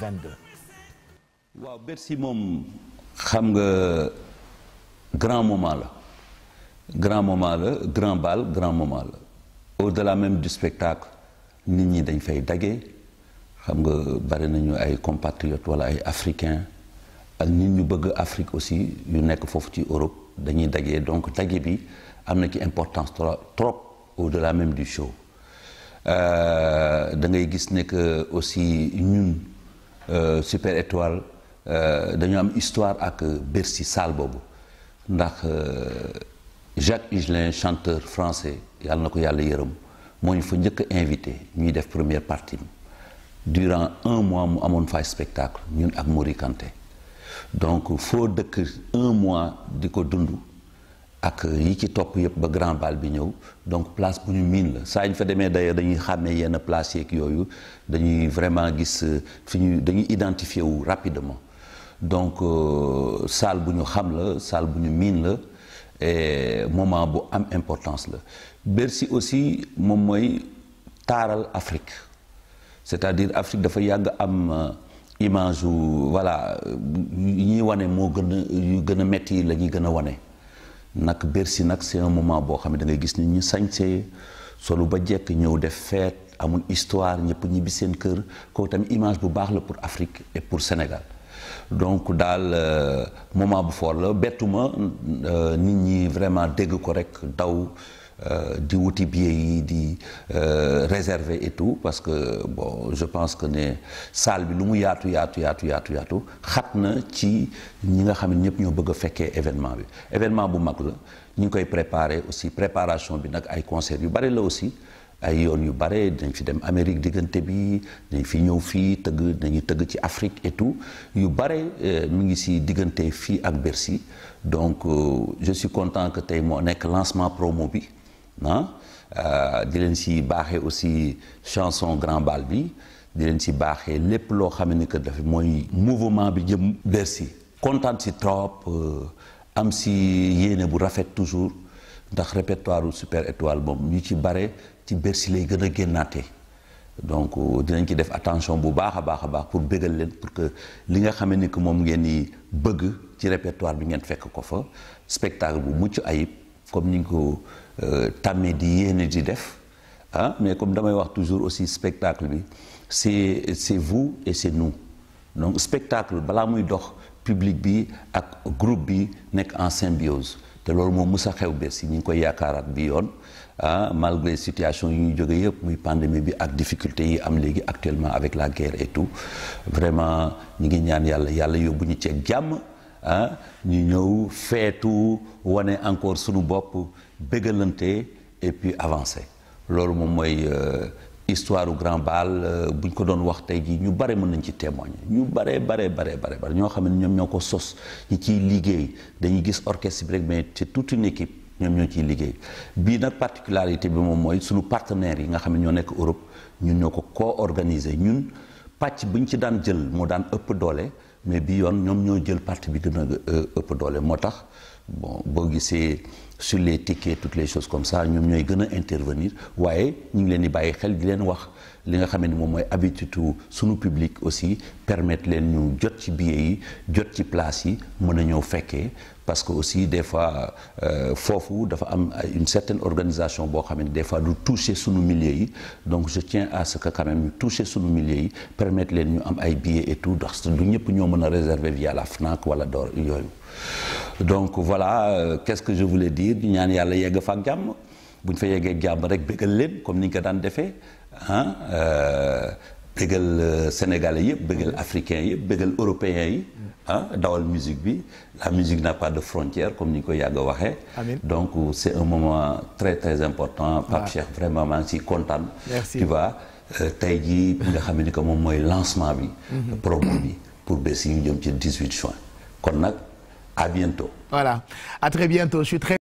22. waaw Bercy moom xam nga grand moment la grand moment la grand bal grand moment la au de la même du spectacle nit ñi dañ fay daggee xam nga bari nañu ay compatriotes wala ay africains ak nit ñu bëgg Afrique aussi yu nekk foofu ci Europe dañuy daggee donc dagge bi am na ci importance trop au de la même du show euh, da gis ne que aussi ñun. Euh, super Étoile euh, dañoo am histoire ak Bercy salle boobu ndax euh, Jacques Higelin chanteur français yàlla na ko yàlla yërëm moo ñu fa njëkk a invité ñuy def première partie durant un mois mu amoon fay spectacle ñun ak Mori Kanté donc foo dëkk un mois di ko dund ak yi ci topp yëpp ba grand bal bi ñëw donc place bu ñu miin la saa ñu fa demee d'ailleurs dañuy xàmmee yenn place yeeg yooyu dañuy vraiment gis euh, fi ñu dañuy identifier wu rapidement donc euh, salle bu ñu xam la salle bu ñu miin la et moment bu am importance la Bercy aussi moom mooy taaral Afrique c'est-à-dire Afrique dafa yàgg am euh, image wu voilà ñuy wane moo gën a yu gën a metti la ñuy gën a wane nag Bercy nag c'est un moment boo xam ne da gis nit ñi sañsee solu ba jekk ñëw def fête amul histoire ñëpp ñibbi seen kër kooku tamit image bu baax la pour Afrique et pour Sénégal donc daal euh, moment bu fort la bettuma euh, nit ñi vraiment dégg ko rek daw Euh, di wuti billet yi di euh, réserver et tout parce que bon je pense que ne salle bi lu mu yaatu yaatu yaatu yaatu xat na ci ñi nga xam ne ñëpp ñoo bëgg a fekkee événement bi événement bu mag la ñu ngi koy préparer aussi préparation bi nag ay concert yu bari la aussi ay yoon yu bare dañ fi dem Amérique diggante bi dañ fi ñëw fii tëgg dañuy tëgg ci Afrique et tout yu bare euh, mu ngi si diggante fii ak bersi donc je suis content que tey moo nekk lancement promo bi ah di leen si baaxee aussi chanson grand bal bi di leen si baaxee lépp loo xam ne que dafa mooy mouvement bi jëm Bercy kontaan si trop euh, am si yéene bu rafet toujours ndax répertoire super étoile moom ñu ci bare ci Bercy lay gën a génnaatee donc euh, dinañ ci def attention bu baax a baax a baax pour béggal leen pour que li nga xam ne que moom ngeen di bëgg ci répertoire bi ngeen fekk ko fa spectacle bu mucc ayib. comme ni ngi ko euh, tàmmee di yéene di def ah mais comme damay wax toujours aussi spectacle bi c'est c'est vous et c'est nous donc spectacle balaa muy dox public bi ak groupe bi nekk en symbiose te loolu moom musa xew be si ñu ngi koy yaakaaraat bi yoon ah malgré situation yu ñu jóge yëpp muy pandémie bi ak difficulté yi am léegi actuellement avec la guerre et tout vraiment ñu ngi ñaan yàlla yàlla yóbbu ñu ceeg jàmm ah ñu ñëw feetu wane encore suñu bopp bégalante et puis avancé loolu moom mooy euh, histoire du Grand Bal euh, bu ñu ko doon wax tey jii ñu bare mën nañ ci témoigner ñu bare bare bare bare bare ñoo xam ne ñoom ñoo ko sos ñu ciy liggéey dañuy gis orchestre bi rek mais ci toute une équipe ñoom ñoo ciy liggéey bii nag particularité bi moom mooy suñu partenaires yi nga xam ne ñoo nekk Europe ñun ñoo ko co-organiser ñun pàcc bu ñu ci daan jël moo daan ëpp doole mais bi yoon ñoom ñoo jël parti bi gën a euh, ëpp doole moo tax bon boo gisee sur les tickets toutes les choses comme ça ñoom ñooy gën a intervenir waaye ñu ngi leen di bàyyi xel di leen wax li nga xam ne moom mooy habitude suñu public aussi permettre leen ñu jot ci billets yi jot ci place yi mën a ñëw fekkee parce que aussi des fois euh, foofu dafa am une certaine organisation boo xam ne des fois du toucher suñu milieu yi donc je tiens à ce que quand même ñu toucher suñu milieu yi permettre leen ñu am ay billets et tout ndax du ñëpp ñoo mën a réserver via la FNAC wala door yooyu donc voilà euh, qu'est-ce que je voulais dire ñaan yàlla yegg fa ak jàmm bu ñu fa yeggee jàmm rek bégal leen comme ni ñu ko daan defee ah bégal euh, sénégalais yëpp bégal africains yëpp bégal européens yi ah dawal musique bi la musique n'a pas de frontière comme ni nga ko yàgg a waxee donc c'est un moment très très important Pape Cheikh vraiment maa ngi si kontaan tu vois tey jii nga xam ne que moom mooy lancement bi mhm. programme bi pour bés yi ñu jëm ci 18 juin kon nag À bientôt. Voilà. À très bientôt. Je suis très